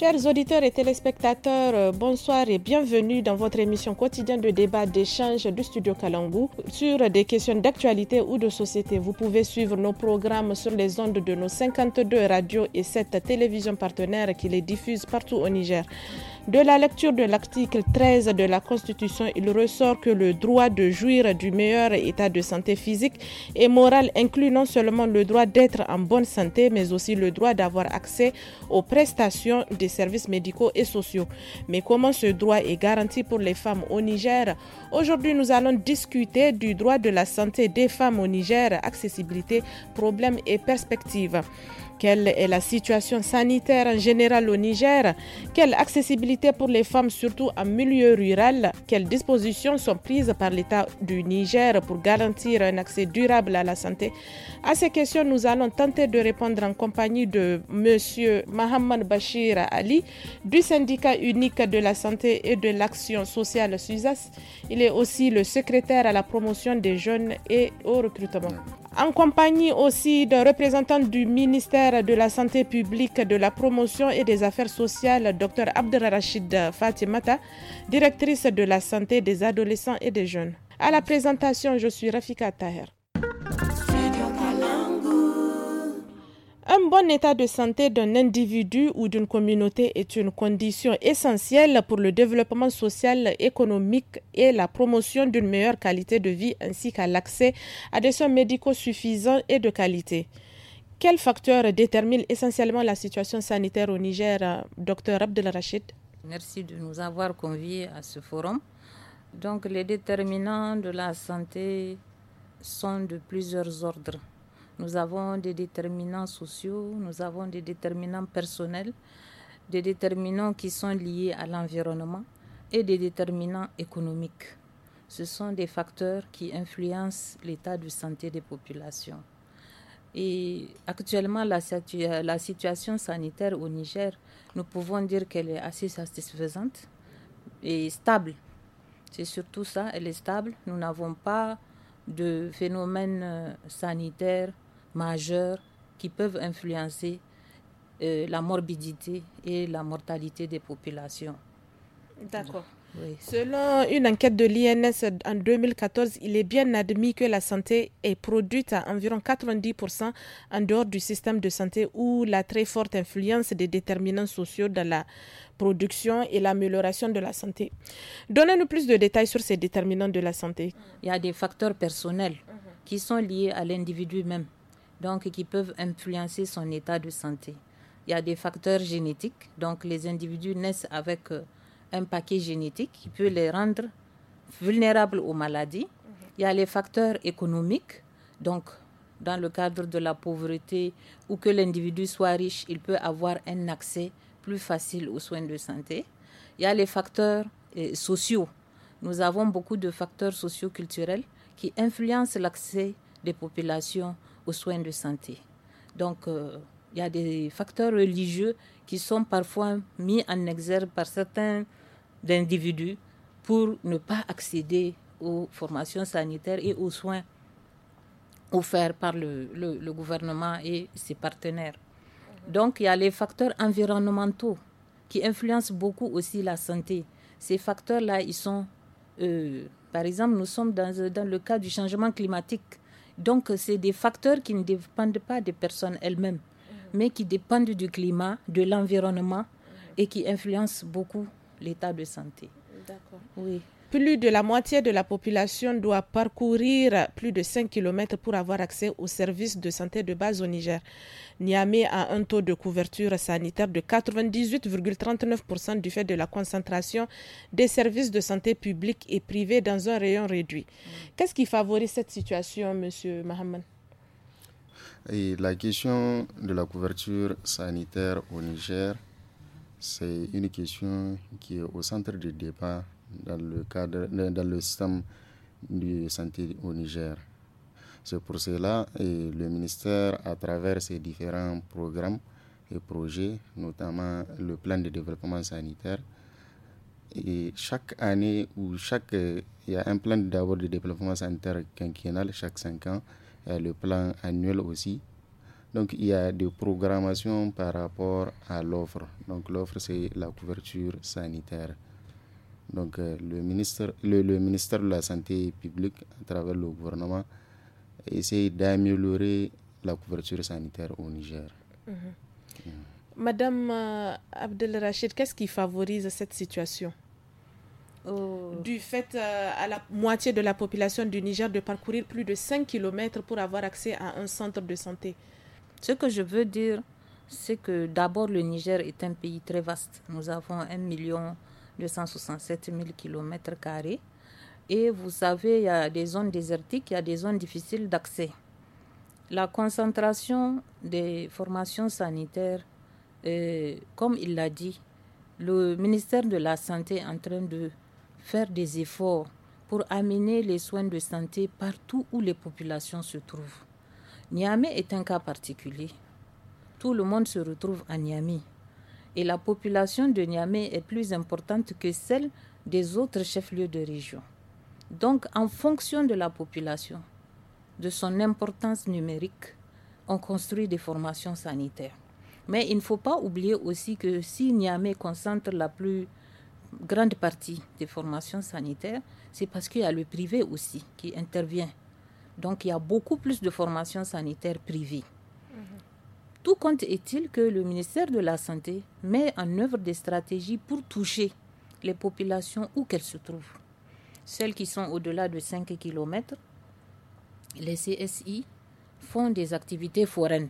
Chers auditeurs et téléspectateurs, euh, bonsoir et bienvenue dans votre émission quotidienne de débat d'échange du studio Kalangu sur des questions d'actualité ou de société. Vous pouvez suivre nos programmes sur les ondes de nos 52 radios et 7 télévisions partenaires qui les diffusent partout au Niger. De la lecture de l'article 13 de la Constitution, il ressort que le droit de jouir du meilleur état de santé physique et morale inclut non seulement le droit d'être en bonne santé, mais aussi le droit d'avoir accès aux prestations des services médicaux et sociaux. Mais comment ce droit est garanti pour les femmes au Niger Aujourd'hui, nous allons discuter du droit de la santé des femmes au Niger, accessibilité, problèmes et perspectives. Quelle est la situation sanitaire en général au Niger Quelle accessibilité pour les femmes, surtout en milieu rural Quelles dispositions sont prises par l'État du Niger pour garantir un accès durable à la santé À ces questions, nous allons tenter de répondre en compagnie de M. Mohamed Bachir Ali du syndicat unique de la santé et de l'action sociale SUSAS. Il est aussi le secrétaire à la promotion des jeunes et au recrutement en compagnie aussi d'un représentant du ministère de la Santé publique, de la promotion et des affaires sociales, Dr Abdelrachid Fatimata, directrice de la santé des adolescents et des jeunes. À la présentation, je suis Rafika Taher. Un bon état de santé d'un individu ou d'une communauté est une condition essentielle pour le développement social, économique et la promotion d'une meilleure qualité de vie ainsi qu'à l'accès à des soins médicaux suffisants et de qualité. Quels facteurs déterminent essentiellement la situation sanitaire au Niger, docteur Abdel Rachid Merci de nous avoir conviés à ce forum. Donc les déterminants de la santé sont de plusieurs ordres. Nous avons des déterminants sociaux, nous avons des déterminants personnels, des déterminants qui sont liés à l'environnement et des déterminants économiques. Ce sont des facteurs qui influencent l'état de santé des populations. Et actuellement, la, situation sanitaire au Niger, nous pouvons dire qu'elle est assez satisfaisante et stable. C'est surtout ça, elle est stable. Nous n'avons pas de phénomène euh, sanitaire majeurs qui peuvent influencer euh, la morbidité et la mortalité des populations. D'accord. Selon une enquête de l'INS en 2014, il est bien admis que la santé est produite à environ 90% en dehors du système de santé où la très forte influence des déterminants sociaux dans la production et l'amélioration de la santé. Donnez-nous plus de détails sur ces déterminants de la santé. Il y a des facteurs personnels mhm. qui sont liés à l'individu même donc qui peuvent influencer son état de santé. Il y a des facteurs génétiques, donc les individus naissent avec euh, un paquet génétique qui peut les rendre vulnérables aux maladies. Mhm. Il y a les facteurs économiques, donc dans le cadre de la pauvreté ou que l'individu soit riche, il peut avoir un accès plus facile aux soins de santé. Il y a les facteurs euh, sociaux. Nous avons beaucoup de facteurs culturels qui influencent l'accès des populations aux soins de santé. Donc, euh, il y a des facteurs religieux qui sont parfois mis en exergue par certains individus pour ne pas accéder aux formations sanitaires et aux soins offerts par le, gouvernement et ses partenaires. Donc, il y a les facteurs environnementaux qui influencent beaucoup aussi la santé. Ces facteurs-là, ils sont, euh, par exemple, nous sommes dans le cas du changement climatique donc, c'est des facteurs qui ne dépendent pas des personnes elles-mêmes, mm-hmm. mais qui dépendent du climat, de l'environnement et qui influencent beaucoup l'état de santé. D'accord. Oui. Plus de la moitié de la population doit parcourir plus de 5 km pour avoir accès aux services de santé de base au Niger. Niamey a un taux de couverture sanitaire de 98,39% du fait de la concentration des services de santé publics et privés dans un rayon réduit. Qu'est-ce qui favorise cette situation, Monsieur Mahaman la question de la couverture sanitaire au Niger, c'est une question qui est au centre du débat dans le, cadre, dans le système de santé au Niger. C'est pour cela que le ministère, à travers ses différents programmes et projets, notamment le plan de développement sanitaire, et chaque année ou chaque il y a un plan d'abord de développement sanitaire quinquennal chaque cinq ans, il le plan annuel aussi. Donc il y a des programmations par rapport à l'offre. Donc l'offre c'est la couverture sanitaire. Donc euh, le, ministre, le, ministère de la Santé publique, à travers le gouvernement, essaie d'améliorer la couverture sanitaire au Niger. Mm-hmm. Madame euh, Abdelrachid, qu'est-ce qui favorise cette situation oh. Du fait euh, à la moitié de la population du Niger de parcourir plus de 5 km pour avoir accès à un centre de santé. Ce que je veux dire, c'est que d'abord le Niger est un pays très vaste. Nous avons un million 267 000 km. Et vous savez, il y a des zones désertiques, il y a des zones difficiles d'accès. La concentration des formations sanitaires, euh, comme il l'a dit, le ministère de la Santé est en train de faire des efforts pour amener les soins de santé partout où les populations se trouvent. Niamey est un cas particulier. Tout le monde se retrouve à Niamey et la population de Niamey est plus importante que celle des autres chefs-lieux de région. Donc, en fonction de la population, de son importance numérique, on construit des formations sanitaires. Mais il ne faut pas oublier aussi que si Niamey concentre la plus grande partie des formations sanitaires, c'est parce qu'il y a le privé aussi qui intervient. Donc il y a beaucoup plus de formations sanitaires privées. Tout compte est-il que le ministère de la Santé met en œuvre des stratégies pour toucher les populations où qu'elles se trouvent. Celles qui sont au-delà de 5 km, les CSI font des activités foraines.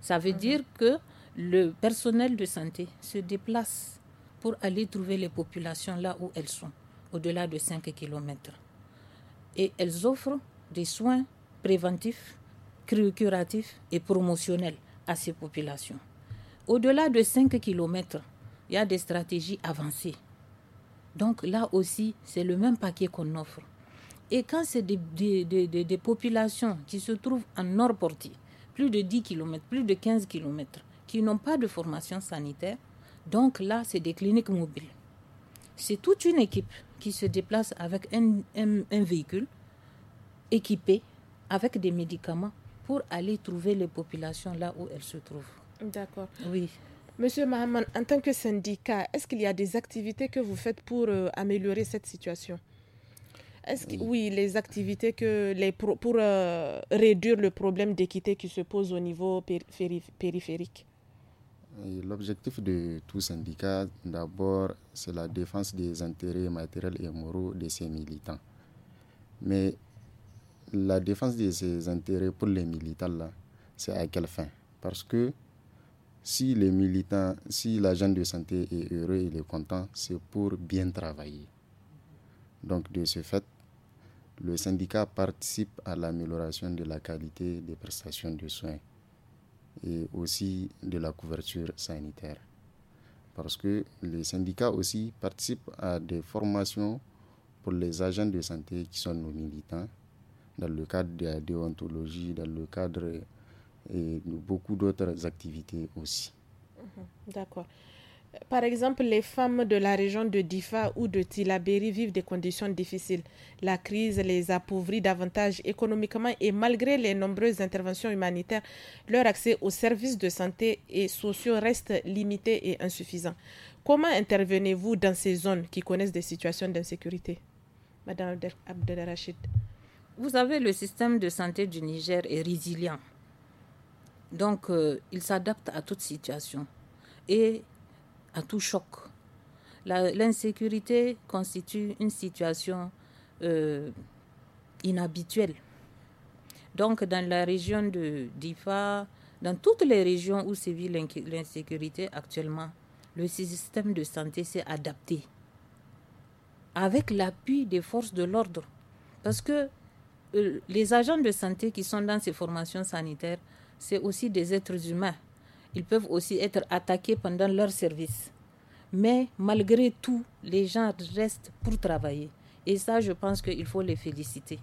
Ça veut mhm. dire que le personnel de santé se déplace pour aller trouver les populations là où elles sont, au-delà de 5 km. Et elles offrent des soins préventifs, curatifs et promotionnels à ces populations. Au-delà de 5 km, il y a des stratégies avancées. Donc là aussi, c'est le même paquet qu'on offre. Et quand c'est des, populations qui se trouvent en nord portier plus de 10 km, plus de 15 km, qui n'ont pas de formation sanitaire, donc là, c'est des cliniques mobiles. C'est toute une équipe qui se déplace avec un véhicule équipé avec des médicaments pour aller trouver les populations là où elles se trouvent. D'accord. Oui. Monsieur Mahaman, en tant que syndicat, est-ce qu'il y a des activités que vous faites pour euh, améliorer cette situation est-ce oui. les activités que les pour euh, réduire le problème d'équité qui se pose au niveau périphérique. L'objectif de tout syndicat, d'abord, c'est la défense des intérêts matériels et moraux de ses militants. Mais la défense de ses intérêts pour les militants, c'est à quelle fin Parce que si les militants, si l'agent de santé est heureux, il est content, c'est pour bien travailler. Donc de ce fait, le syndicat participe à l'amélioration de la qualité des prestations de soins et aussi de la couverture sanitaire. Parce que les syndicats aussi participent à des formations pour les agents de santé qui sont nos militants dans le cadre de la déontologie, dans le cadre et de beaucoup d'autres activités aussi. Mhm. D'accord. Par exemple, les femmes de la région de Difa ou de Tilaberi vivent des conditions difficiles. La crise les appauvrit davantage économiquement et malgré les nombreuses interventions humanitaires, leur accès aux services de santé et sociaux reste limité et insuffisant. Comment intervenez-vous dans ces zones qui connaissent des situations d'insécurité Madame Abdelrachid. Vous savez, le système de santé du Niger est résilient. Donc, euh, il s'adapte à toute situation et à tout choc. L'insécurité constitue une situation euh, inhabituelle. Donc, dans la région de Difa, dans toutes les régions où sévit l'insécurité actuellement, le système de santé s'est adapté avec l'appui des forces de l'ordre. Parce que euh, les agents de santé qui sont dans ces formations sanitaires, c'est aussi des êtres humains. Ils peuvent aussi être attaqués pendant leur service. Mais malgré tout, les gens restent pour travailler. Et ça, je pense qu'il faut les féliciter.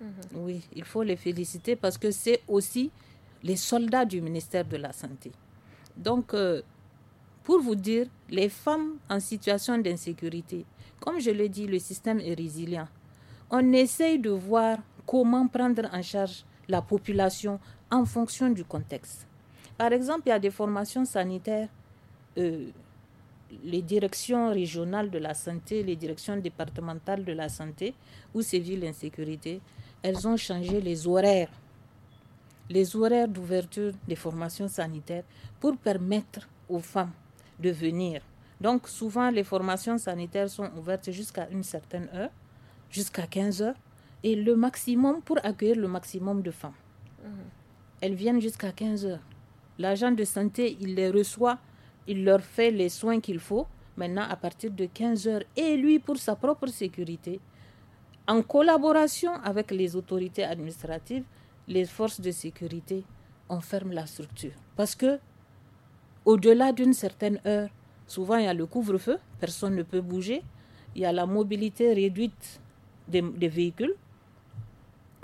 Mhm. Oui, il faut les féliciter parce que c'est aussi les soldats du ministère de la Santé. Donc, euh, pour vous dire, les femmes en situation d'insécurité, comme je l'ai dit, le système est résilient. On essaye de voir comment prendre en charge la population en fonction du contexte. Par exemple, il y a des formations sanitaires, euh, les directions régionales de la santé, les directions départementales de la santé, où villes l'insécurité, elles ont changé les horaires, les horaires d'ouverture des formations sanitaires pour permettre aux femmes de venir. Donc souvent, les formations sanitaires sont ouvertes jusqu'à une certaine heure, jusqu'à 15 heures et le maximum pour accueillir le maximum de femmes. Mhm. Elles viennent jusqu'à 15 heures. L'agent de santé, il les reçoit, il leur fait les soins qu'il faut. Maintenant, à partir de 15 heures, et lui, pour sa propre sécurité, en collaboration avec les autorités administratives, les forces de sécurité, enferment la structure. Parce que, au-delà d'une certaine heure, souvent il y a le couvre-feu, personne ne peut bouger, il y a la mobilité réduite des véhicules,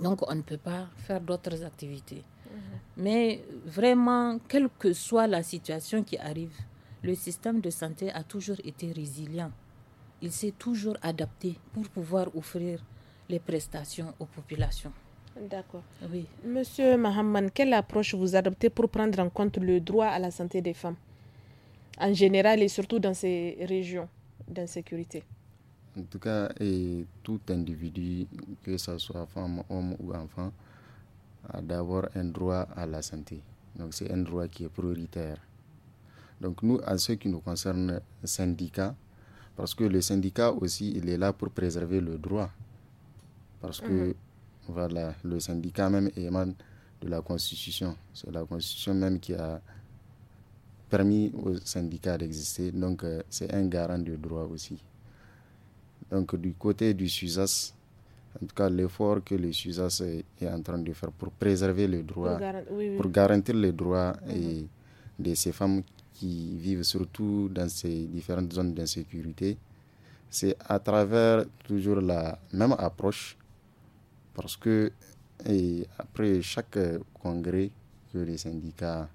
donc on ne peut pas faire d'autres activités. Mhm. Mais vraiment, quelle que soit la situation qui arrive, le système de santé a toujours été résilient. Il s'est toujours adapté pour pouvoir offrir les prestations aux populations. D'accord. Oui. Monsieur Mahamman, quelle approche vous adoptez pour prendre en compte le droit à la santé des femmes en général et surtout dans ces régions d'insécurité en tout cas, tout individu, que ce soit femme, homme ou enfant, a d'abord un droit à la santé. Donc c'est un droit qui est prioritaire. Donc nous, à ce qui nous concerne, syndicat, parce que le syndicat aussi, il est là pour préserver le droit. Parce que mhm. voilà, le syndicat même émane de la Constitution. C'est la Constitution même qui a permis au syndicat d'exister. Donc, euh, c'est un garant du droit aussi. Donc du côté du SUSAS, en tout cas l'effort que le SUSAS est, en train de faire pour préserver les droits, pour, garantir les droits mm-hmm. de ces femmes qui vivent surtout dans ces différentes zones d'insécurité, c'est à travers toujours la même approche, parce que après chaque congrès que les syndicats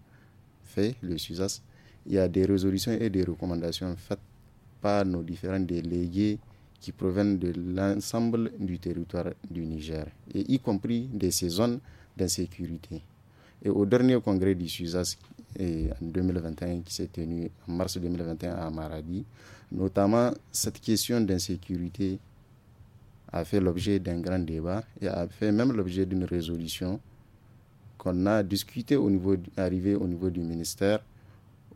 fait, le SUSAS, il y a des résolutions et des recommandations faites par nos différents délégués qui proviennent de l'ensemble du territoire du Niger, et y compris de ces zones d'insécurité. Et au dernier congrès du SUSAS eh, en 2021, qui s'est tenu en mars 2021 à Maradi, notamment cette question d'insécurité a fait l'objet d'un grand débat et a fait même l'objet d'une résolution qu'on a discutée au niveau, au niveau du ministère,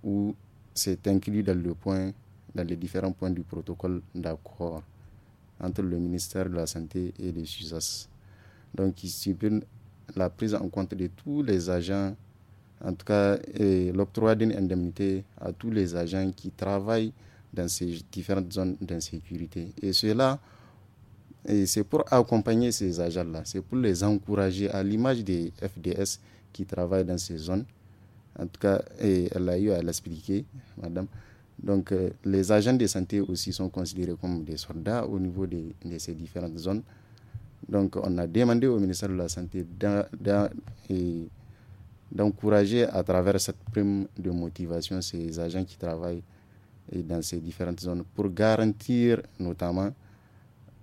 où c'est inclus dans le point, dans les différents points du protocole d'accord entre le ministère de la Santé et les SUSAS. Donc, il supprime la prise en compte de tous les agents, en tout cas l'octroi d'une indemnité à tous les agents qui travaillent dans ces différentes zones d'insécurité. Et cela, c'est pour accompagner ces agents-là, c'est pour les encourager à l'image des FDS qui travaillent dans ces zones. En tout cas, et elle a eu à l'expliquer, madame. Donc euh, les agents de santé aussi sont considérés comme des soldats au niveau de, ces différentes zones. Donc on a demandé au ministère de la Santé d'encourager à travers cette prime de motivation ces agents qui travaillent dans ces différentes zones pour garantir notamment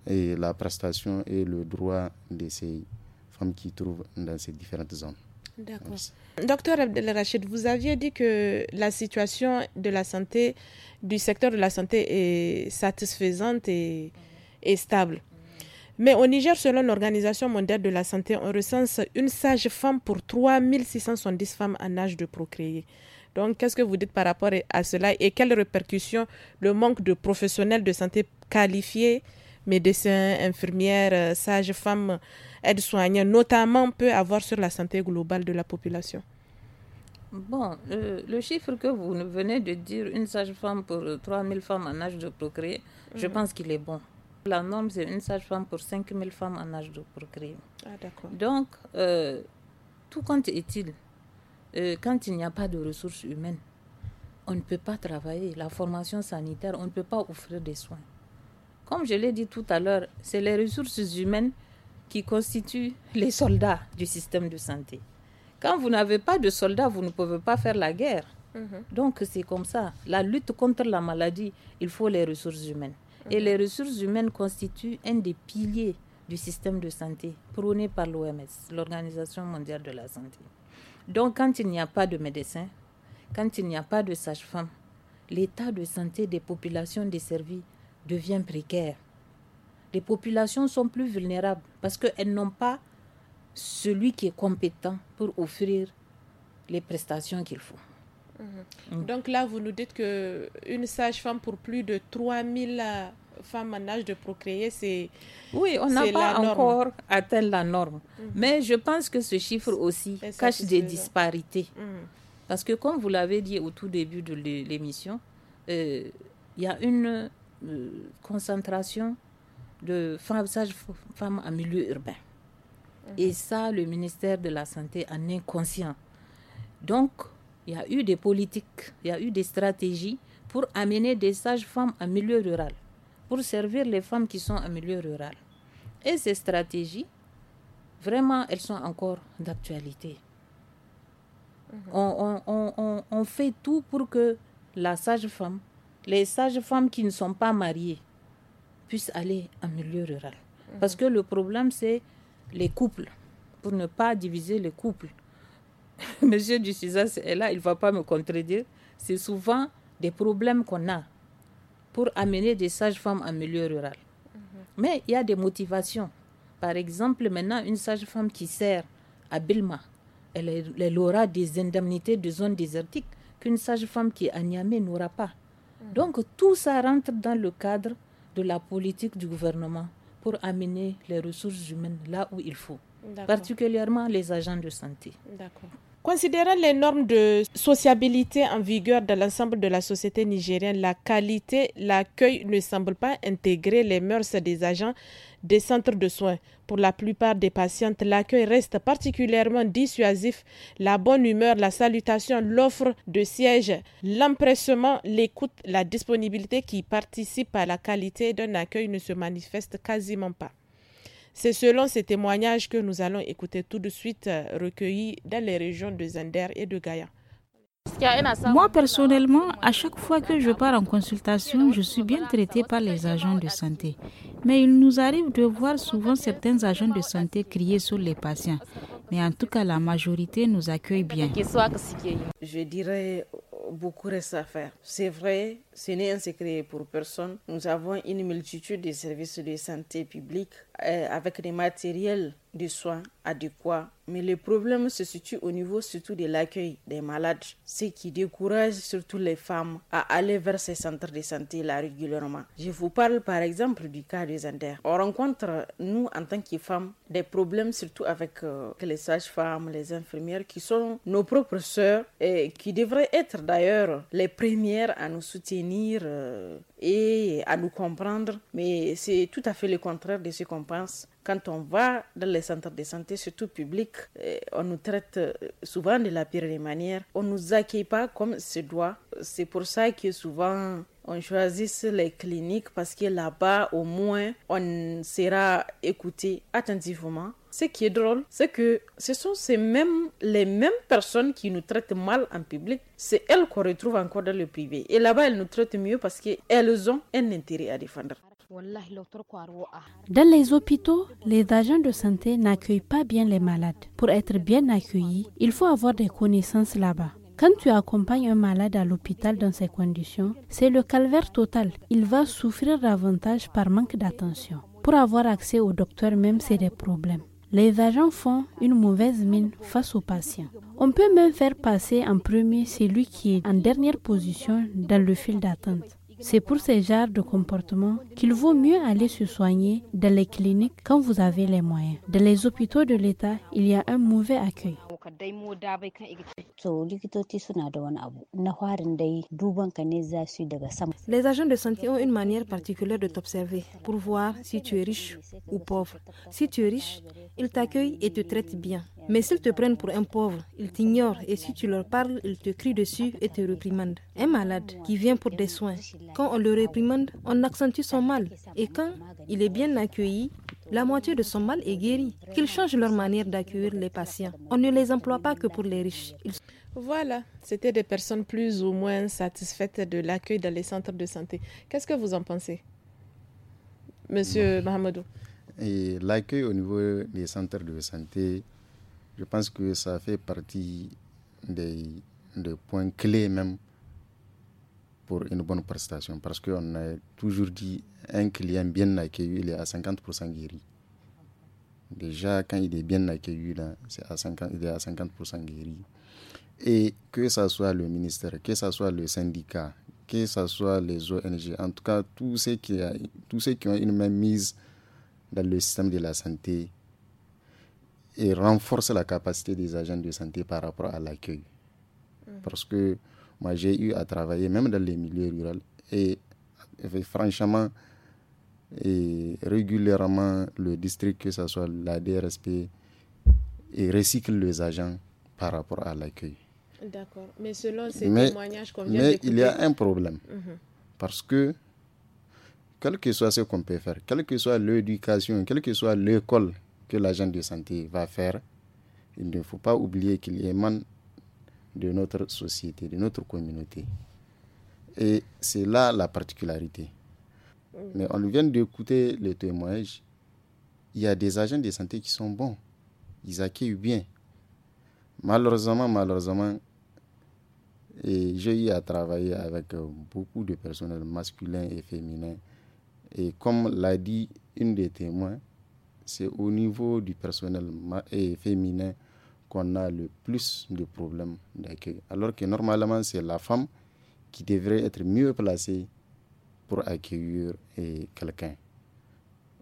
la prestation et le droit de ces femmes qui trouvent dans ces différentes zones. D'accord. Docteur Rachid, vous aviez dit que la situation de la santé, du secteur de la santé est satisfaisante et, stable. Mais au Niger, selon l'Organisation mondiale de la santé, on recense une sage femme pour 3670 femmes en âge de procréer. Donc, qu'est-ce que vous dites par rapport à cela et quelles répercussions le manque de professionnels de santé qualifiés, médecins, infirmières, euh, sages femmes, aide soignants notamment, peut avoir sur la santé globale de la population Bon, le, chiffre que vous venez de dire, une sage-femme pour 3000 femmes en âge de procréer, je mhm. pense qu'il est bon. La norme, c'est une sage-femme pour 5000 femmes en âge de procréer. Ah, Donc, euh, tout compte est-il, euh, quand il n'y a pas de ressources humaines, on ne peut pas travailler. La formation sanitaire, on ne peut pas offrir des soins. Comme je l'ai dit tout à l'heure, c'est les ressources humaines qui constituent les soldats du système de santé. Quand vous n'avez pas de soldats, vous ne pouvez pas faire la guerre. Mhm. Donc c'est comme ça. La lutte contre la maladie, il faut les ressources humaines. Et mhm. les ressources humaines constituent un des piliers du système de santé prôné par l'OMS, l'Organisation mondiale de la santé. Donc quand il n'y a pas de médecins, quand il n'y a pas de sages-femmes, l'état de santé des populations desservies devient précaire les populations sont plus vulnérables parce qu'elles n'ont pas celui qui est compétent pour offrir les prestations qu'il faut. Mhm. Donc là, vous nous dites que une sage-femme pour plus de 3000 euh, femmes en âge de procréer, c'est... Oui, on n'a pas encore atteint la norme. Mhm. Mais je pense que ce chiffre aussi cache des disparités. Mhm. Parce que comme vous l'avez dit au tout début de l'émission, euh, il y a une euh, concentration de sages-femmes en milieu urbain. Mhm. Et ça, le ministère de la Santé en est conscient. Donc, il y a eu des politiques, il y a eu des stratégies pour amener des sages-femmes en milieu rural, pour servir les femmes qui sont en milieu rural. Et ces stratégies, vraiment, elles sont encore d'actualité. Mhm. on fait tout pour que la sage-femme, les sages-femmes qui ne sont pas mariées, puissent aller en milieu rural. Mhm. Parce que le problème, c'est les couples, pour ne pas diviser les couples. Monsieur Ducizas est là, il ne va pas me contredire. C'est souvent des problèmes qu'on a pour amener des sages-femmes en milieu rural. Mhm. Mais il y a des motivations. Par exemple, maintenant, une sage-femme qui sert à Bilma, elle, aura des indemnités de zone désertique qu'une sage-femme qui est à Niamey n'aura pas. Mhm. Donc, tout ça rentre dans le cadre de la politique du gouvernement pour amener les ressources humaines là où il faut, particulièrement les agents de santé. Considérant les normes de sociabilité en vigueur dans l'ensemble de la société nigérienne, la qualité, l'accueil ne semble pas intégrer les mœurs des agents des centres de soins. Pour la plupart des patientes, l'accueil reste particulièrement dissuasif. La bonne humeur, la salutation, l'offre de siège, l'empressement, l'écoute, la disponibilité qui participent à la qualité d'un accueil ne se manifestent quasiment pas. C'est selon ces témoignages que nous allons écouter tout de suite euh, recueillis dans les régions de Zender et de Gaïa. Moi, personnellement, à chaque fois que je pars en consultation, je suis bien traitée par les agents de santé. Mais il nous arrive de voir souvent certains agents de santé crier sur les patients. Mais en tout cas, la majorité nous accueille bien. Je dirais beaucoup reste à faire. C'est vrai, ce n'est un secret pour personne. Nous avons une multitude de services de santé publique euh, avec des matériels de soins adéquats. Mais le problème se situe au niveau surtout de l'accueil des malades, ce qui décourage surtout les femmes à aller vers ces centres de santé là régulièrement. Je vous parle par exemple du cas des Zander. On rencontre, nous, en tant que femmes, des problèmes surtout avec euh, les sages-femmes, les infirmières, qui sont nos propres sœurs et qui devraient être d'ailleurs les premières à nous soutenir euh, et à nous comprendre, mais c'est tout à fait le contraire de ce qu'on pense. Quand on va dans les centres de santé, surtout publics, eh, on nous traite euh, souvent de la pire des manières. On ne nous accueille pas comme se doit. C'est pour ça que souvent on choisit les cliniques parce que là-bas, au moins, on sera écouté attentivement. Ce qui est drôle, c'est que ce sont ces mêmes, les mêmes personnes qui nous traitent mal en public. C'est elles qu'on retrouve encore dans le privé. Et là-bas, elles nous traitent mieux parce qu'elles ont un intérêt à défendre. Ah. Dans les hôpitaux, les agents de santé n'accueillent pas bien les malades. Pour être bien accueillis, il faut avoir des connaissances là-bas. Quand tu accompagnes un malade à l'hôpital dans ces conditions, c'est le calvaire total. Il va souffrir davantage par manque d'attention. Pour avoir accès au docteur même, c'est des problèmes. Les agents font une mauvaise mine face aux patients. On peut même faire passer en premier celui qui est en dernière position dans le fil d'attente. C'est pour ces genres de comportement qu'il vaut mieux aller se soigner dans les cliniques quand vous avez les moyens. Dans les hôpitaux de l'État, il y a un mauvais accueil. Les agents de santé ont une manière particulière de t'observer pour voir si tu es riche ou pauvre. Si tu es riche, ils t'accueillent et te traitent bien. Mais s'ils te prennent pour un pauvre, ils t'ignorent et si tu leur parles, ils te crient dessus et te réprimandent. Un malade qui vient pour des soins, quand on le réprimande, on accentue son mal. Et quand il est bien accueilli, la moitié de son mal est guérie. Qu'ils changent leur manière d'accueillir les patients. On ne les emploie pas que pour les riches. Voilà, c'était des personnes plus ou moins satisfaites de l'accueil dans les centres de santé. Qu'est-ce que vous en pensez, Monsieur Mahamadou Et L'accueil au niveau des centres de santé, je pense que ça fait partie des, des points clés même pour une bonne prestation. Parce qu'on a toujours dit, un client bien accueilli, il est à 50% guéri. Déjà, quand il est bien accueilli, là, à 50, il est à 50% guéri. Et que ce soit le ministère, que ce soit le syndicat, que ce soit les ONG, en tout cas, tous ceux qui, a, tous ceux qui ont une même mise dans le système de la santé et renforcent la capacité des agents de santé par rapport à l'accueil. Mm. Parce que moi, j'ai eu à travailler même dans les milieux ruraux et, franchement, et régulièrement, le district, que ce soit la DRSP, et recycle les agents par rapport à l'accueil. D'accord. Mais selon ces témoignages qu'on vient Mais il y a un problème. Mhm. Parce que, quel que soit ce qu'on peut faire, quelle que soit l'éducation, quelle que soit l'école que l'agent de santé va faire, il ne faut pas oublier qu'il y émane de notre société, de notre communauté. Et c'est là la particularité. Mm. Mais on vient d'écouter le témoignage. Il y a des agents de santé qui sont bons. Ils accueillent bien. Malheureusement, malheureusement, j'ai eu à travailler avec euh, beaucoup de personnel masculin et féminin. Et comme l'a dit une des témoins, c'est au niveau du personnel féminin qu'on a le plus de problèmes d'accueil. Alors que normalement, c'est la femme qui devrait être mieux placée pour accueillir eh, quelqu'un.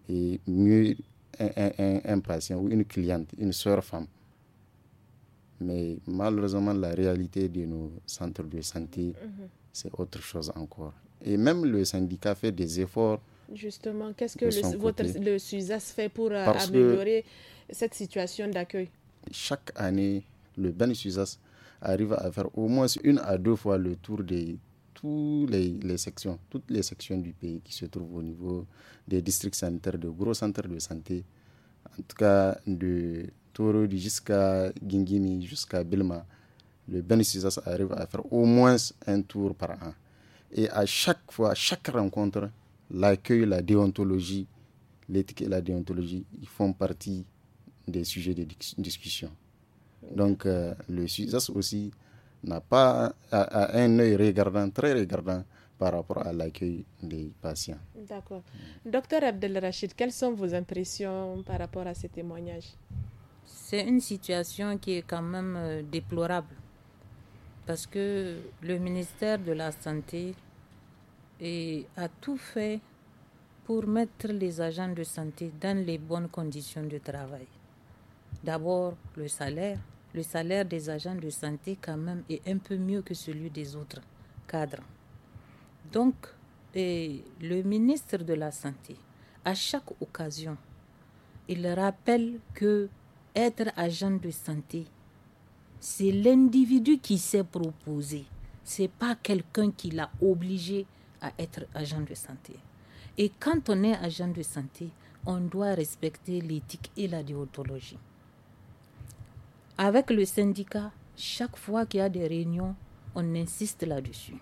Et mieux un, un, patient ou une cliente, une soeur femme. Mais malheureusement, la réalité de nos centres de santé, mhm. c'est autre chose encore. Et même le syndicat fait des efforts. Justement, qu'est-ce que le, le SUSAS fait pour euh, améliorer cette situation d'accueil chaque année, le Bani arrive à faire au moins une à deux fois le tour de toutes les, sections, toutes les sections du pays qui se trouvent au niveau des districts sanitaires, de gros centres de santé, en tout cas de Toro jusqu'à Gingimi, jusqu'à Bilma. Le Benicizas arrive à faire au moins un tour par an. Et à chaque fois, à chaque rencontre, l'accueil, la déontologie, l'éthique et la déontologie, ils font partie des sujets de discussion. Donc, euh, le SUSAS aussi n'a pas un œil regardant, très regardant par rapport à l'accueil des patients. D'accord. Docteur Abdel Rachid, quelles sont vos impressions par rapport à ces témoignages C'est une situation qui est quand même euh, déplorable parce que le ministère de la Santé a tout fait pour mettre les agents de santé dans les bonnes conditions de travail. D'abord, le salaire. Le salaire des agents de santé, quand même, est un peu mieux que celui des autres cadres. Donc, le ministre de la Santé, à chaque occasion, il rappelle que être agent de santé, c'est l'individu qui s'est proposé. C'est pas quelqu'un qui l'a obligé à être agent de santé. Et quand on est agent de santé, on doit respecter l'éthique et la déontologie. Avec le syndicat, chaque fois qu'il y a des réunions, on insiste là-dessus.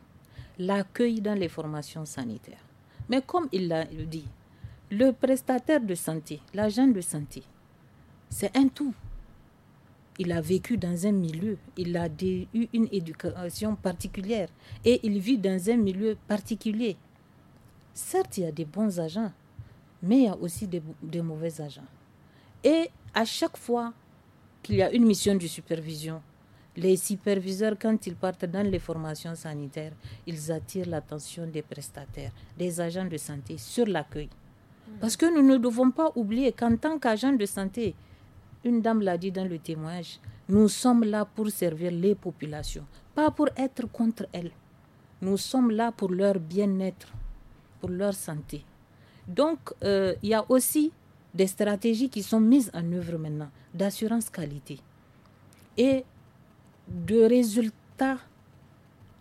L'accueil dans les formations sanitaires. Mais comme il l'a dit, le prestataire de santé, l'agent de santé, c'est un tout. Il a vécu dans un milieu, il a eu une éducation particulière et il vit dans un milieu particulier. Certes, il y a des bons agents, mais il y a aussi des, des mauvais agents. Et à chaque fois, qu'il y a une mission de supervision. Les superviseurs, quand ils partent dans les formations sanitaires, ils attirent l'attention des prestataires, des agents de santé sur l'accueil. Mm. Parce que nous ne devons pas oublier qu'en tant qu'agents de santé, une dame l'a dit dans le témoignage, nous sommes là pour servir les populations, pas pour être contre elles. Nous sommes là pour leur bien-être, pour leur santé. Donc, euh, il y a aussi des stratégies qui sont mises en œuvre maintenant d'assurance qualité et de résultats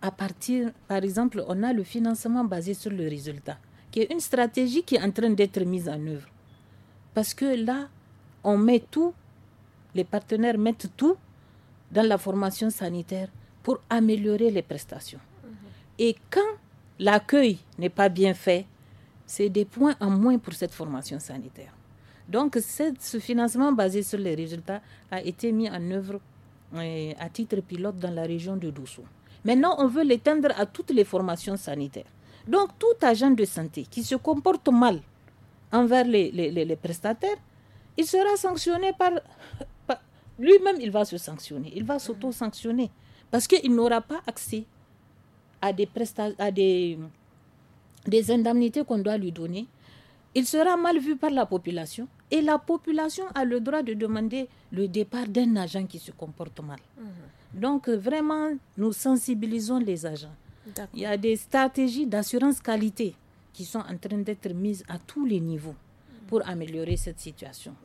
à partir, par exemple, on a le financement basé sur le résultat, qui est une stratégie qui est en train d'être mise en œuvre. Parce que là, on met tout, les partenaires mettent tout dans la formation sanitaire pour améliorer les prestations. Mhm. Et quand l'accueil n'est pas bien fait, c'est des points en moins pour cette formation sanitaire. Donc, ce financement basé sur les résultats a été mis en œuvre euh, à titre pilote dans la région de Doussou. Maintenant, on veut l'étendre à toutes les formations sanitaires. Donc, tout agent de santé qui se comporte mal envers les, prestataires, il sera sanctionné par... Lui-même, il va se sanctionner, il va s'auto-sanctionner parce qu'il n'aura pas accès à des, à des, des indemnités qu'on doit lui donner il sera mal vu par la population et la population a le droit de demander le départ d'un agent qui se comporte mal. Mhm. Donc vraiment, nous sensibilisons les agents. Il y a des stratégies d'assurance qualité qui sont en train d'être mises à tous les niveaux mhm. pour améliorer cette situation.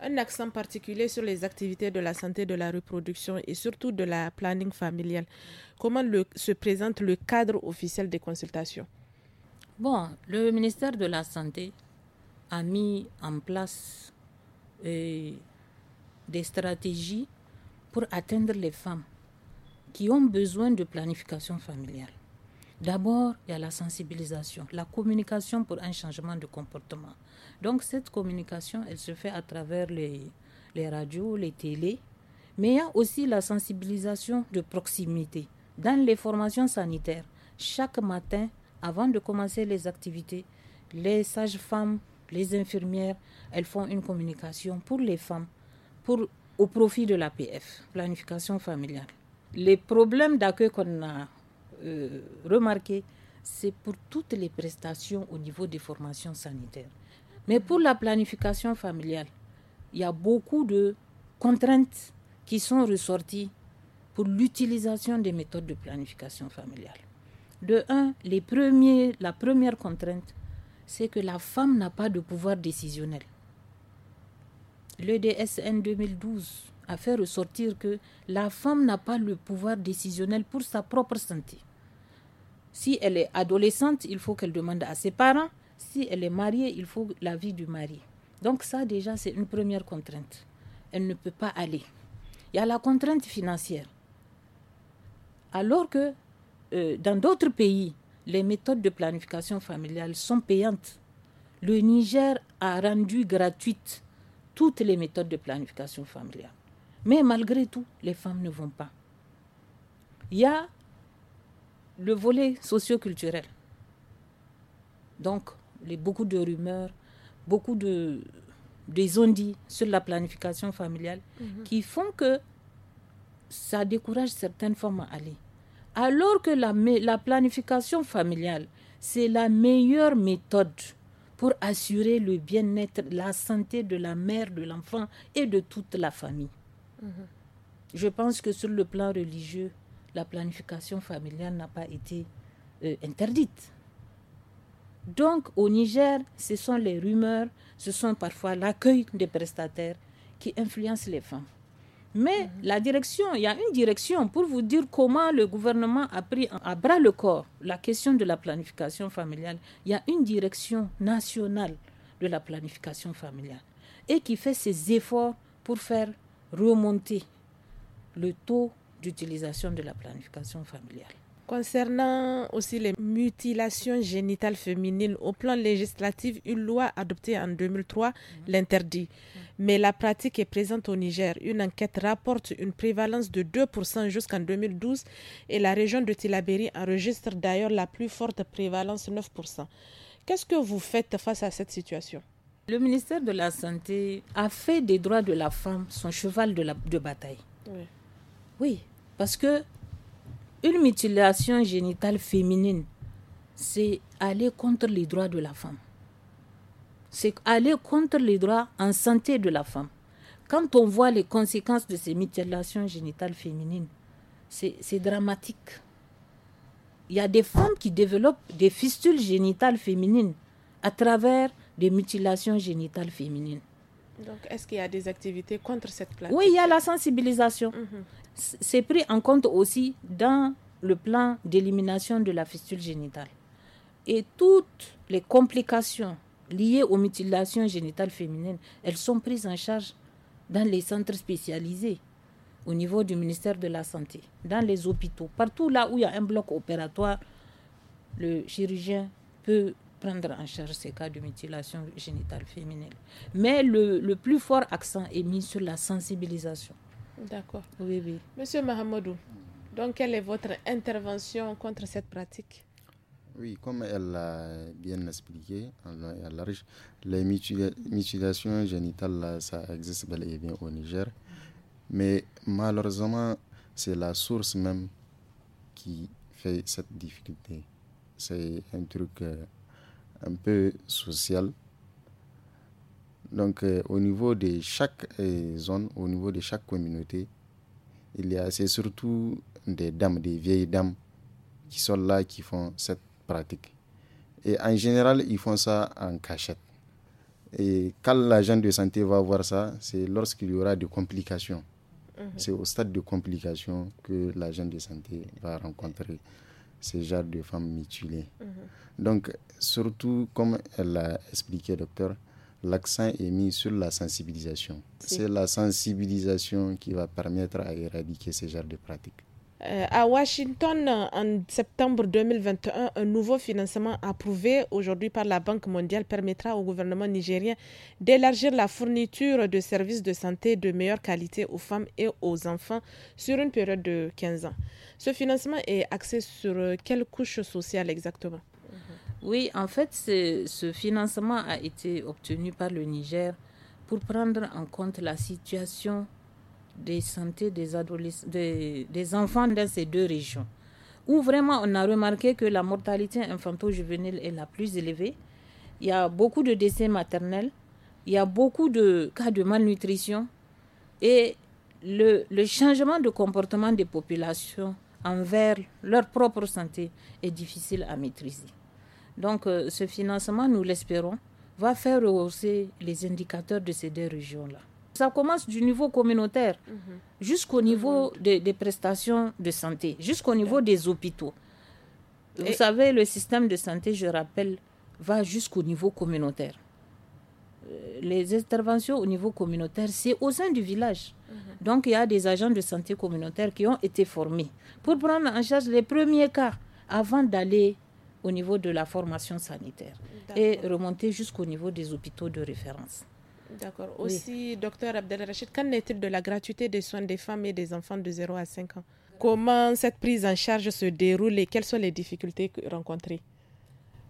Un accent particulier sur les activités de la santé, de la reproduction et surtout de la planning familiale. Comment se présente le cadre officiel des consultations Bon, le ministère de la Santé a mis en place euh, des stratégies pour atteindre les femmes qui ont besoin de planification familiale. D'abord, il y a la sensibilisation, la communication pour un changement de comportement. Donc cette communication, elle se fait à travers les, les radios, les télés, mais il y a aussi la sensibilisation de proximité. Dans les formations sanitaires, chaque matin, avant de commencer les activités, les sages-femmes, les infirmières, elles font une communication pour les femmes, pour, au profit de l'APF, planification familiale. Les problèmes d'accueil qu'on a euh, remarqués, c'est pour toutes les prestations au niveau des formations sanitaires. Mais pour la planification familiale, il y a beaucoup de contraintes qui sont ressorties pour l'utilisation des méthodes de planification familiale. De un, la première contrainte, c'est que la femme n'a pas de pouvoir décisionnel. L'EDSN 2012 a fait ressortir que la femme n'a pas le pouvoir décisionnel pour sa propre santé. Si elle est adolescente, il faut qu'elle demande à ses parents. Si elle est mariée, il faut la vie du mari. Donc ça déjà, c'est une première contrainte. Elle ne peut pas aller. Il y a la contrainte financière. Alors que euh, dans d'autres pays, les méthodes de planification familiale sont payantes. Le Niger a rendu gratuites toutes les méthodes de planification familiale. Mais malgré tout, les femmes ne vont pas. Il y a le volet socioculturel. Donc, a beaucoup de rumeurs, beaucoup de des sur la planification familiale mhm. qui font que ça décourage certaines femmes à aller. Alors que la, planification familiale, c'est la meilleure méthode pour assurer le bien-être, la santé de la mère, de l'enfant et de toute la famille. Mm-hmm. Je pense que sur le plan religieux, la planification familiale n'a pas été euh, interdite. Donc au Niger, ce sont les rumeurs, ce sont parfois l'accueil des prestataires qui influencent les femmes. Mais mhm. la direction, il y a une direction pour vous dire comment le gouvernement a pris à bras le corps la question de la planification familiale. Il y a une direction nationale de la planification familiale et qui fait ses efforts pour faire remonter le taux d'utilisation de la planification familiale. Concernant aussi les mutilations génitales féminines, au plan législatif, une loi adoptée en 2003 mmh. l'interdit. Mmh. Mais la pratique est présente au Niger. Une enquête rapporte une prévalence de 2% jusqu'en 2012 et la région de Tilaberi enregistre d'ailleurs la plus forte prévalence, 9%. Qu'est-ce que vous faites face à cette situation Le ministère de la Santé a fait des droits de la femme son cheval de, bataille. oui, parce que une mutilation génitale féminine, c'est aller contre les droits de la femme. C'est aller contre les droits en santé de la femme. Quand on voit les conséquences de ces mutilations génitales féminines, c'est dramatique. Il y a des femmes qui développent des fistules génitales féminines à travers des mutilations génitales féminines. Donc, est-ce qu'il y a des activités contre cette plaque Oui, il y a la sensibilisation. Mhm. C'est pris en compte aussi dans le plan d'élimination de la fistule génitale. Et toutes les complications liées aux mutilations génitales féminines, elles sont prises en charge dans les centres spécialisés au niveau du ministère de la Santé, dans les hôpitaux, partout là où il y a un bloc opératoire, le chirurgien peut prendre en charge ces cas de mutilation génitale féminine. Mais le, le plus fort accent est mis sur la sensibilisation. D'accord. Oui, oui. Monsieur Mahamadou, donc quelle est votre intervention contre cette pratique oui, comme elle l'a bien expliqué, et en large, les mutilations génitales, ça existe bel et bien au Niger. Mais malheureusement, c'est la source même qui fait cette difficulté. C'est un truc euh, un peu social Donc, euh, au niveau de chaque euh, zone, au niveau de chaque communauté, il y a, c'est surtout des dames, des vieilles dames qui sont là, qui font cette pratique. Et en général, ils font ça en cachette. Et quand l'agent de santé va voir ça, c'est lorsqu'il y aura des complications. Mhm. C'est au stade de complications que l'agent de santé va rencontrer ce genre de femmes mutilées. Mhm. Donc, surtout, comme elle l'a expliqué, docteur, l'accent est mis sur la sensibilisation. C'est la sensibilisation qui va permettre à éradiquer ce genre de pratiques. Euh, à Washington, en septembre 2021, un nouveau financement approuvé aujourd'hui par la Banque mondiale permettra au gouvernement nigérien d'élargir la fourniture de services de santé de meilleure qualité aux femmes et aux enfants sur une période de 15 ans. Ce financement est axé sur quelle couche sociale exactement Oui, en fait, ce financement a été obtenu par le Niger pour prendre en compte la situation des santé des, des enfants dans ces deux régions, où vraiment on a remarqué que la mortalité infanto-juvénile est la plus élevée. Il y a beaucoup de décès maternels, il y a beaucoup de cas de malnutrition et le, changement de comportement des populations envers leur propre santé est difficile à maîtriser. Donc euh, ce financement, nous l'espérons, va faire rehausser les indicateurs de ces deux régions-là. Ça commence du niveau communautaire jusqu'au mhm. niveau des, prestations de santé, jusqu'au niveau des hôpitaux. Vous savez, le système de santé, je rappelle, va jusqu'au niveau communautaire. Euh, les interventions au niveau communautaire, c'est au sein du village. Mhm. Donc, il y a des agents de santé communautaire qui ont été formés pour prendre en charge les premiers cas avant d'aller au niveau de la formation sanitaire et remonter jusqu'au niveau des hôpitaux de référence. D'accord. Aussi, docteur Rachid qu'en est-il de la gratuité des soins des femmes et des enfants de 0 à 5 ans Comment cette prise en charge se déroule et quelles sont les difficultés rencontrées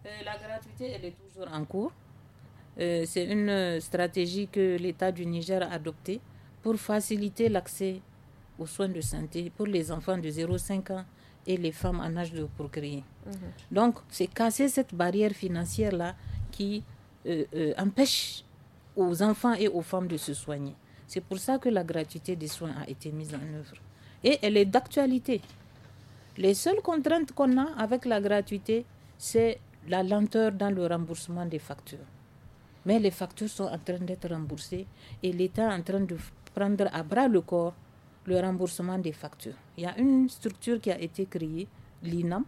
euh, La gratuité, elle est toujours en cours. Euh, c'est une stratégie que l'État du Niger a adoptée pour faciliter l'accès aux soins de santé pour les enfants de 0 à 5 ans et les femmes en âge de procréer. Mhm. Donc, c'est casser cette barrière financière-là qui euh, empêche aux enfants et aux femmes de se soigner. C'est pour ça que la gratuité des soins a été mise en œuvre. Et elle est d'actualité. Les seules contraintes qu'on a avec la gratuité, c'est la lenteur dans le remboursement des factures. Mais les factures sont en train d'être remboursées et l'État est en train de prendre à bras le corps le remboursement des factures. Il y a une structure qui a été créée, l'INAM,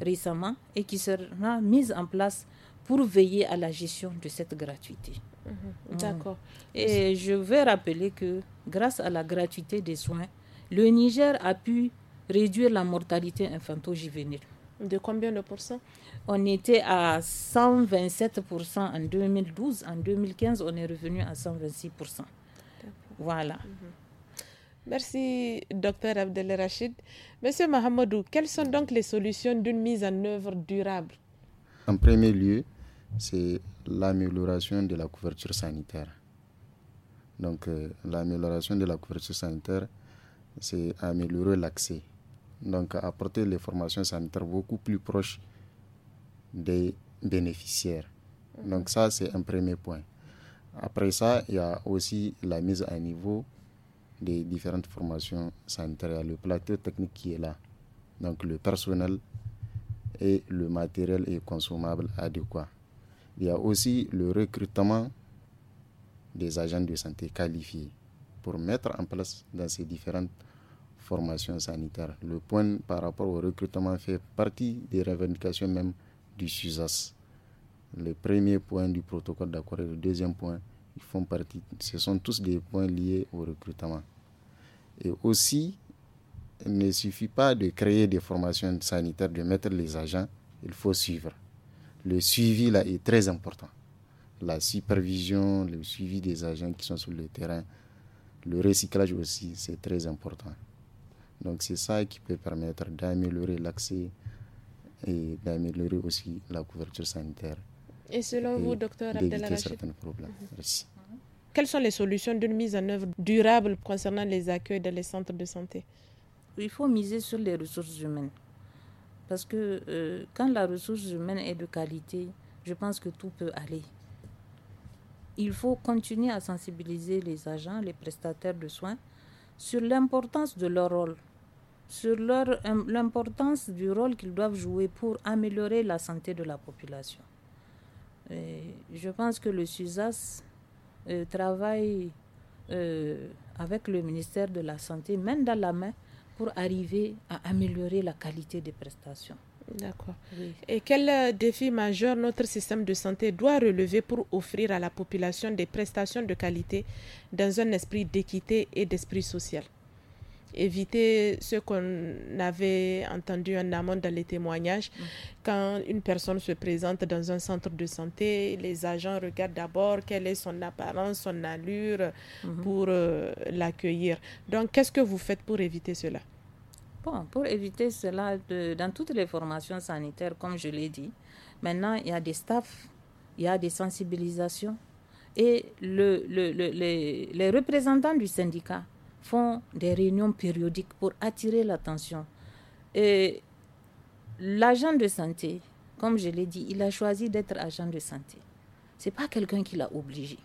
récemment, et qui sera mise en place pour veiller à la gestion de cette gratuité. Mhm. Mm. D'accord. Mm. Et je vais rappeler que grâce à la gratuité des soins, le Niger a pu réduire la mortalité infanto-juvénile. De combien de pourcents On était à 127% en 2012. En 2015, on est revenu à 126%. Voilà. Mm-hmm. Merci, docteur Abdel Rachid. Monsieur Mahamadou, quelles sont donc les solutions d'une mise en œuvre durable En premier lieu, c'est l'amélioration de la couverture sanitaire. Donc euh, l'amélioration de la couverture sanitaire, c'est améliorer l'accès. Donc apporter les formations sanitaires beaucoup plus proches des bénéficiaires. Mhm. Donc ça, c'est un premier point. Après ça, il y a aussi la mise à niveau des différentes formations sanitaires. le plateau technique qui est là. Donc le personnel et le matériel est consommable adéquat. Il y a aussi le recrutement des agents de santé qualifiés pour mettre en place dans ces différentes formations sanitaires. Le point par rapport au recrutement fait partie des revendications même du SUSAS. Le premier point du protocole d'accord et le deuxième point, font partie, ce sont tous des points liés au recrutement. Et aussi, il ne suffit pas de créer des formations sanitaires, de mettre les agents, il faut suivre le suivi là est très important. La supervision, le suivi des agents qui sont sur le terrain, le recyclage aussi, c'est très important. Donc c'est ça qui peut permettre d'améliorer l'accès et d'améliorer aussi la couverture sanitaire. Et selon vous, docteur Abdelrachid mhm. Quelles sont les solutions d'une mise en œuvre durable concernant les accueils dans les centres de santé Il faut miser sur les ressources humaines parce que euh, quand la ressource humaine est de qualité, je pense que tout peut aller. Il faut continuer à sensibiliser les agents, les prestataires de soins, sur l'importance de leur rôle, sur l'importance du rôle qu'ils doivent jouer pour améliorer la santé de la population. je pense que le SUSAS euh, travaille euh, avec le ministère de la Santé, main dans la main, pour arriver à améliorer la qualité des prestations. D'accord. Et quel euh, défi majeur notre système de santé doit relever pour offrir à la population des prestations de qualité dans un esprit d'équité et d'esprit social éviter ce qu'on avait entendu en amont dans les témoignages. Mm. Quand une personne se présente dans un centre de santé, les agents regardent d'abord quelle est son apparence, son allure mm-hmm. pour euh, l'accueillir. Donc, qu'est-ce que vous faites pour éviter cela Bon, pour éviter cela, dans toutes les formations sanitaires, comme je l'ai dit, maintenant, il y a des staffs, il y a des sensibilisations et le, le, les représentants du syndicat font des réunions périodiques pour attirer l'attention. Et l'agent de santé, comme je l'ai dit, il a choisi d'être agent de santé. Ce n'est pas quelqu'un qui l'a obligé.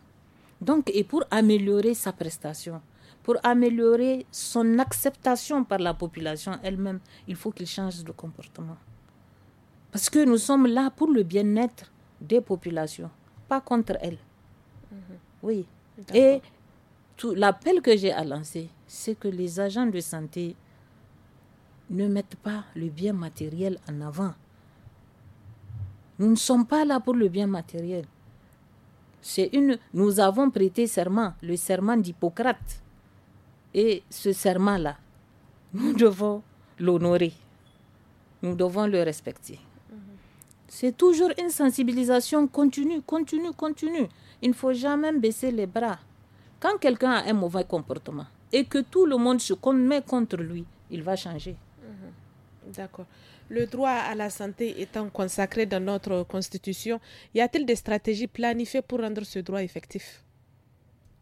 Donc, et pour améliorer sa prestation, pour améliorer son acceptation par la population elle-même, il faut qu'il change de comportement. Parce que nous sommes là pour le bien-être des populations, pas contre elles. Mhm. Oui. Et l'appel que j'ai à lancer, c'est que les agents de santé ne mettent pas le bien matériel en avant. Nous ne sommes pas là pour le bien matériel. C'est une. Nous avons prêté serment, le serment d'Hippocrate. Et ce serment-là, nous devons l'honorer. Nous devons le respecter. C'est toujours une sensibilisation continue, continue, continue. Il ne faut jamais baisser les bras. Quand quelqu'un a un mauvais comportement et que tout le monde se met contre lui, il va changer. Mhm. D'accord. Le droit à la santé étant consacré dans notre Constitution, y a-t-il des stratégies planifiées pour rendre ce droit effectif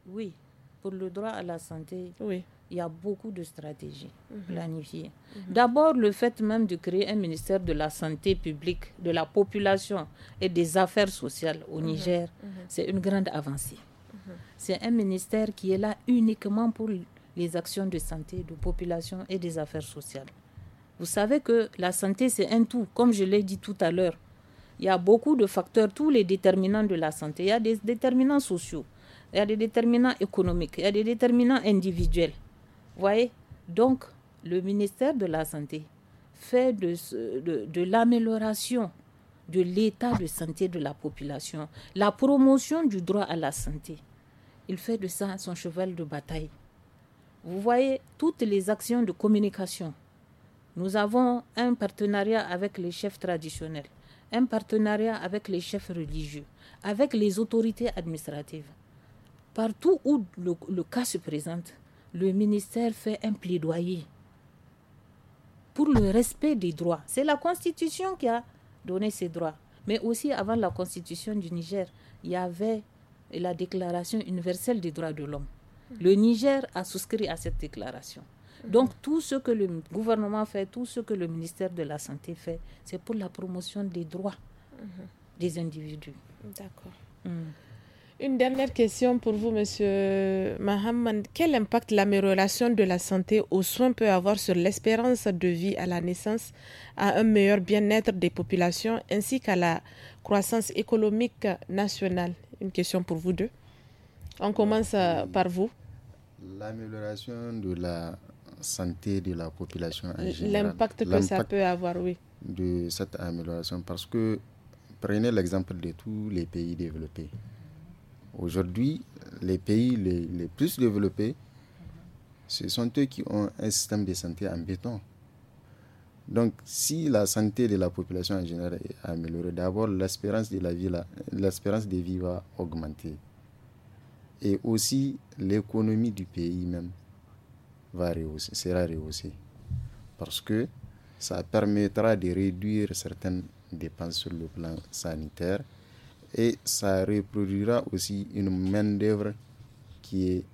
Oui, pour le droit à la santé, oui. il y a beaucoup de stratégies mhm. planifiées. Mhm. D'abord, le fait même de créer un ministère de la santé publique, de la population et des affaires sociales au Niger, c'est une grande avancée. C'est un ministère qui est là uniquement pour les actions de santé, de population et des affaires sociales. Vous savez que la santé, c'est un tout, comme je l'ai dit tout à l'heure. Il y a beaucoup de facteurs, tous les déterminants de la santé. Il y a des déterminants sociaux, il y a des déterminants économiques, il y a des déterminants individuels. Vous voyez Donc, le ministère de la Santé fait de, de l'amélioration de l'état de santé de la population, la promotion du droit à la santé, il fait de ça son cheval de bataille. Vous voyez, toutes les actions de communication. Nous avons un partenariat avec les chefs traditionnels, un partenariat avec les chefs religieux, avec les autorités administratives. Partout où le, cas se présente, le ministère fait un plaidoyer pour le respect des droits. C'est la Constitution qui a donné ces droits. Mais aussi avant la Constitution du Niger, il y avait et la Déclaration universelle des droits de l'homme. Le Niger a souscrit à cette déclaration. Donc tout ce que le gouvernement fait, tout ce que le ministère de la Santé fait, c'est pour la promotion des droits des individus. D'accord. Mm. Une dernière question pour vous, Monsieur Mahaman, Quel impact l'amélioration de la santé aux soins peut avoir sur l'espérance de vie à la naissance, à un meilleur bien-être des populations ainsi qu'à la croissance économique nationale Une question pour vous deux. On commence euh, par vous. L'amélioration de la santé de la population en L'impact que ça peut avoir, oui. De cette amélioration, parce que prenez l'exemple de tous les pays développés Aujourd'hui, les pays les, plus développés, ce sont eux qui ont un système de santé en béton. Donc, si la santé de la population en général est améliorée, d'abord l'espérance de vie, l'espérance de vie va augmenter. Et aussi l'économie du pays même va sera rehaussée. Parce que ça permettra de réduire certaines dépenses sur le plan sanitaire et ça reproduira aussi une main-d'œuvre qui est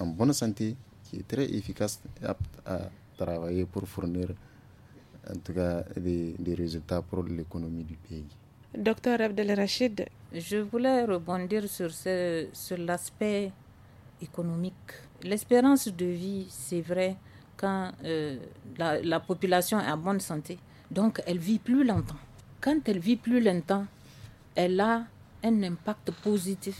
en bonne santé, qui est très efficace et apte à travailler pour fournir en tout cas des, résultats pour l'économie du pays. Docteur Abdel Rachid. Je voulais rebondir sur, ce, sur l'aspect économique. L'espérance de vie, c'est vrai, quand euh, la, la, population est en bonne santé, donc elle vit plus longtemps. Quand elle vit plus longtemps, elle a un impact positif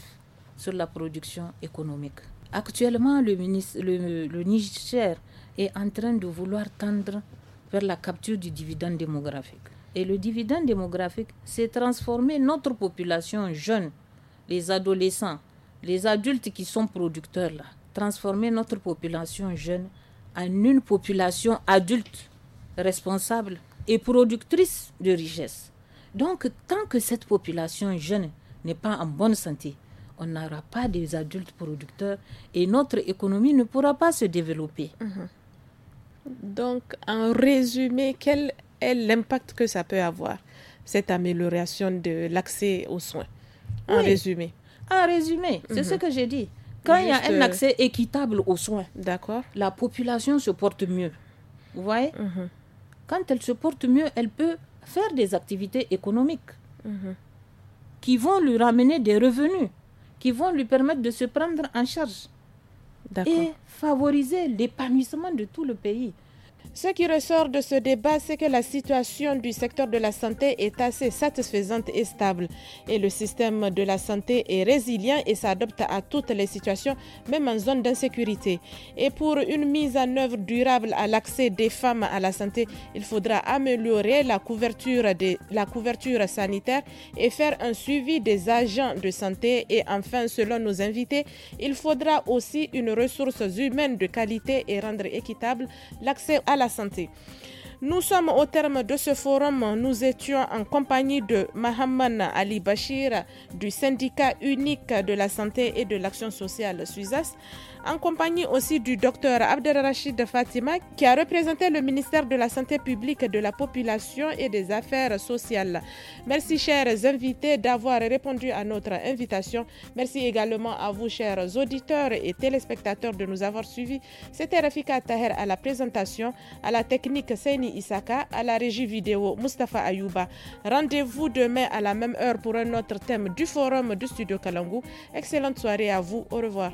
sur la production économique. Actuellement, le, le, Niger est en train de vouloir tendre vers la capture du dividende démographique. Et le dividende démographique, c'est transformer notre population jeune, les adolescents, les adultes qui sont producteurs, là, transformer notre population jeune en une population adulte, responsable et productrice de richesse. Donc, tant que cette population jeune n'est pas en bonne santé, on n'aura pas des adultes producteurs et notre économie ne pourra pas se développer. Mhm. Donc, en résumé, quel est l'impact que ça peut avoir, cette amélioration de l'accès aux soins En résumé. En résumé, c'est ce mhm. que j'ai dit. Quand il y a un euh, accès équitable aux soins, d'accord, la population se porte mieux. Vous voyez mhm. Quand elle se porte mieux, elle peut faire des activités économiques qui vont lui ramener des revenus, qui vont lui permettre de se prendre en charge et favoriser l'épanouissement de tout le pays. Ce qui ressort de ce débat, c'est que la situation du secteur de la santé est assez satisfaisante et stable. Et le système de la santé est résilient et s'adapte à toutes les situations, même en zone d'insécurité. Et pour une mise en œuvre durable à l'accès des femmes à la santé, il faudra améliorer la couverture, la couverture sanitaire et faire un suivi des agents de santé. Et enfin, selon nos invités, il faudra aussi une ressource humaine de qualité et rendre équitable l'accès à la santé. Nous sommes au terme de ce forum. Nous étions en compagnie de mahamana Ali Bachir du syndicat unique de la santé et de l'action sociale suisse en compagnie aussi du docteur Rachid Fatima, qui a représenté le ministère de la Santé publique, de la population et des affaires sociales. Merci, chers invités, d'avoir répondu à notre invitation. Merci également à vous, chers auditeurs et téléspectateurs, de nous avoir suivis. C'était Rafika Taher à la présentation, à la technique Saini Isaka, à la régie vidéo Mustafa Ayouba. Rendez-vous demain à la même heure pour un autre thème du forum du studio Kalangou. Excellente soirée à vous. Au revoir.